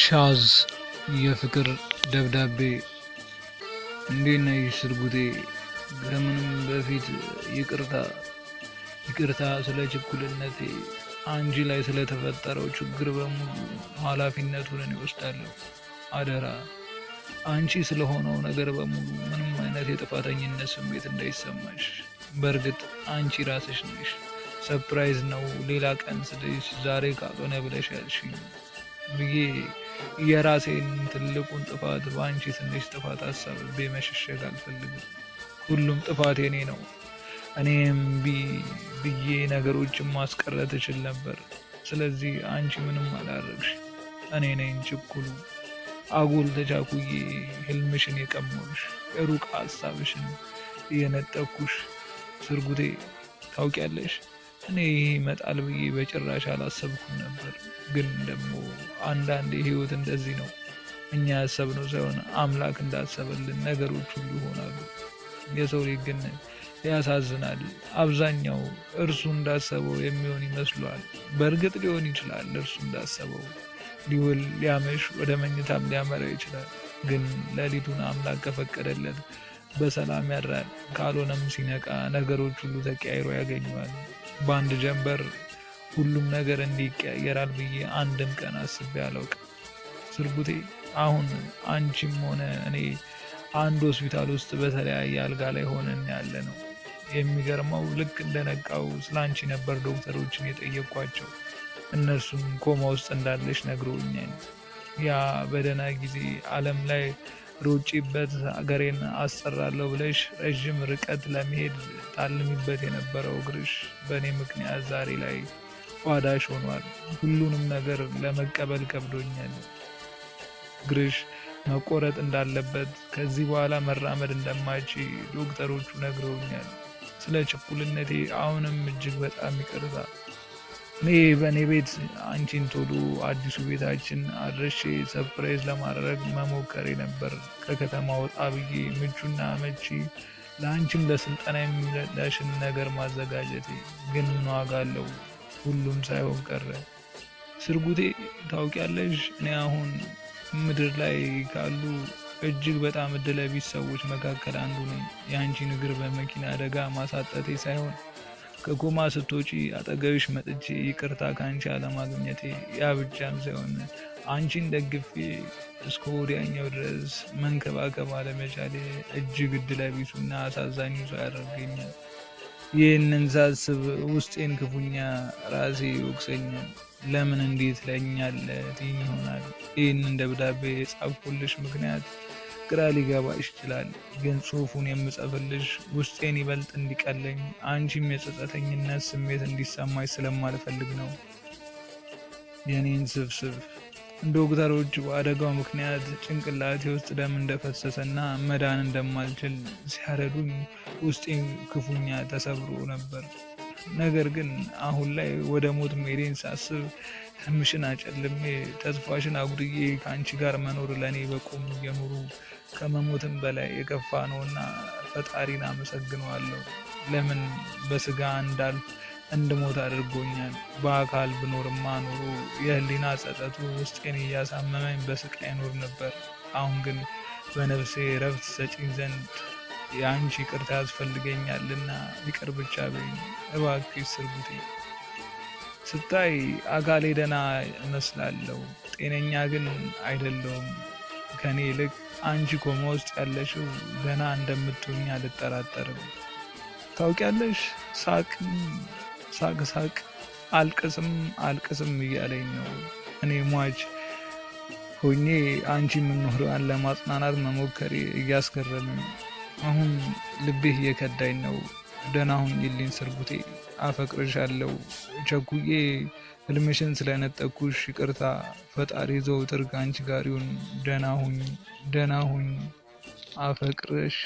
ሻዝ የፍቅር ደብዳቤ። እንዴት ነሽ ስርጉቴ ከምንም በፊት ይቅርታ ይቅርታ ስለ ችኩልነቴ፣ አንቺ ላይ ስለተፈጠረው ችግር በሙሉ ኃላፊነቱን እኔ እወስዳለሁ። አደራ አንቺ ስለሆነው ነገር በሙሉ ምንም አይነት የጥፋተኝነት ስሜት እንዳይሰማሽ በእርግጥ አንቺ ራስሽ ነሽ። ሰፕራይዝ ነው ሌላ ቀን ስልሽ ዛሬ ካልሆነ ብለሽ ያልሽኝ ብዬ የራሴን ትልቁን ጥፋት በአንቺ ትንሽ ጥፋት አሳብቤ መሸሸግ አልፈልግም። ሁሉም ጥፋት የኔ ነው። እኔም ብዬ ነገሮችን ማስቀረት እችል ነበር። ስለዚህ አንቺ ምንም አላረግሽ። እኔ ነኝ ችኩሉ አጉል ተቻኩዬ ህልምሽን የቀሞሽ፣ ሩቅ ሀሳብሽን እየነጠኩሽ ስርጉቴ ታውቂያለሽ፣ እኔ ይህ ይመጣል ብዬ በጭራሽ አላሰብኩም ነበር። ግን ደግሞ አንዳንዴ ህይወት እንደዚህ ነው። እኛ ያሰብነው ሳይሆን አምላክ እንዳሰበልን ነገሮች ሁሉ ይሆናሉ። የሰው ልጅ ግን ያሳዝናል። አብዛኛው እርሱ እንዳሰበው የሚሆን ይመስሏል። በእርግጥ ሊሆን ይችላል እርሱ እንዳሰበው ሊውል ሊያመሽ፣ ወደ መኝታም ሊያመራ ይችላል። ግን ሌሊቱን አምላክ ከፈቀደለት በሰላም ያድራል። ካልሆነም ሲነቃ ነገሮች ሁሉ ተቀያይሮ ያገኘዋል። በአንድ ጀንበር ሁሉም ነገር እንዲቀየራል ብዬ አንድም ቀን አስቤ አላውቅም። ስርጉቴ አሁን አንቺም ሆነ እኔ አንድ ሆስፒታል ውስጥ በተለያየ አልጋ ላይ ሆነን ያለ ነው። የሚገርመው ልክ እንደነቃው ስለ አንቺ ነበር ዶክተሮችን የጠየቅኳቸው። እነርሱም ኮማ ውስጥ እንዳለች ነግሮኛል። ያ በደህና ጊዜ ዓለም ላይ ሩጪበት ሀገሬን አሰራለሁ ብለሽ ረዥም ርቀት ለመሄድ ታልሚበት የነበረው እግርሽ በእኔ ምክንያት ዛሬ ላይ ቋዳሽ ሆኗል። ሁሉንም ነገር ለመቀበል ከብዶኛል። እግርሽ መቆረጥ እንዳለበት ከዚህ በኋላ መራመድ እንደማይች ዶክተሮቹ ነግረውኛል። ስለ ችኩልነቴ አሁንም እጅግ በጣም ይቅርታ። እኔ በእኔ ቤት አንቺን ቶሎ አዲሱ ቤታችን አድረሼ ሰፕራይዝ ለማድረግ መሞከሬ ነበር። ከከተማ ወጣ ብዬ ምቹና መቺ ለአንቺም ለስልጠና የሚለዳሽን ነገር ማዘጋጀቴ ግን ምን ዋጋ አለው? ሁሉም ሳይሆን ቀረ። ስርጉቴ ታውቂያለሽ፣ እኔ አሁን ምድር ላይ ካሉ እጅግ በጣም እድለቢስ ሰዎች መካከል አንዱ ነኝ። የአንቺን እግር በመኪና አደጋ ማሳጠቴ ሳይሆን ከኮማ ስትወጪ አጠገብሽ መጥቼ ይቅርታ ካንቺ አለማግኘቴ ያ ብቻም ሳይሆን አንቺን ደግፌ እስከ ወዲያኛው ድረስ መንከባከብ አለመቻሌ እጅግ ቢሱና አሳዛኙ ሰው ያደርገኛል። ይህንን ሳስብ ውስጤን ክፉኛ ራሴ ይወቅሰኛል። ለምን እንዴት ለኛለ ትኝ ይሆናል። ይህንን ደብዳቤ የጻፍኩልሽ ምክንያት ግራ ሊገባሽ ይችላል፣ ግን ጽሁፉን የምጽፍልሽ ውስጤን ይበልጥ እንዲቀለኝ አንቺም የጸጸተኝነት ስሜት እንዲሰማሽ ስለማልፈልግ ነው። የኔን ስብስብ ዶክተሮች በአደጋው ምክንያት ጭንቅላቴ ውስጥ ደም እንደፈሰሰና መዳን እንደማልችል ሲያረዱኝ ውስጤ ክፉኛ ተሰብሮ ነበር። ነገር ግን አሁን ላይ ወደ ሞት መሄዴን ሳስብ ህልምሽን አጨልሜ ተስፋሽን አጉድዬ ከአንቺ ጋር መኖር ለእኔ በቁም የኑሩ ከመሞትም በላይ የከፋ ነውና ፈጣሪን አመሰግነዋለሁ። ለምን በስጋ እንዳል እንድሞት አድርጎኛል። በአካል ብኖርማ ኖሮ የህሊና ጸጠቱ ውስጤን እያሳመመኝ በስቃይ ኖር ነበር። አሁን ግን በነፍሴ ረፍት ሰጪኝ ዘንድ የአንቺ ይቅርታ ያስፈልገኛልና ይቅር ብቻ በይኝ እባክሽ ስርጉቴ። ስታይ አካሌ ደህና እመስላለሁ፣ ጤነኛ ግን አይደለውም። ከእኔ ይልቅ አንቺ ኮማ ውስጥ ያለሽው ገና እንደምትሆኝ አልጠራጠርም። ታውቂያለሽ፣ ሳቅ ሳቅ ሳቅ አልቅስም አልቅስም እያለኝ ነው። እኔ ሟች ሆኜ አንቺ የምንሆረዋን ለማጽናናት መሞከሬ እያስገረመኝ አሁን ልብህ እየከዳኝ ነው። ደህና ሁኚልኝ ስርጉቴ፣ አፈቅርሻለሁ ቸኩዬ ህልምሽን ስለነጠኩሽ ይቅርታ። ፈጣሪ ዘውትር ከአንቺ ጋር ይሁን። ደህና ሁኚ፣ ደህና ሁኚ፣ አፈቅርሽ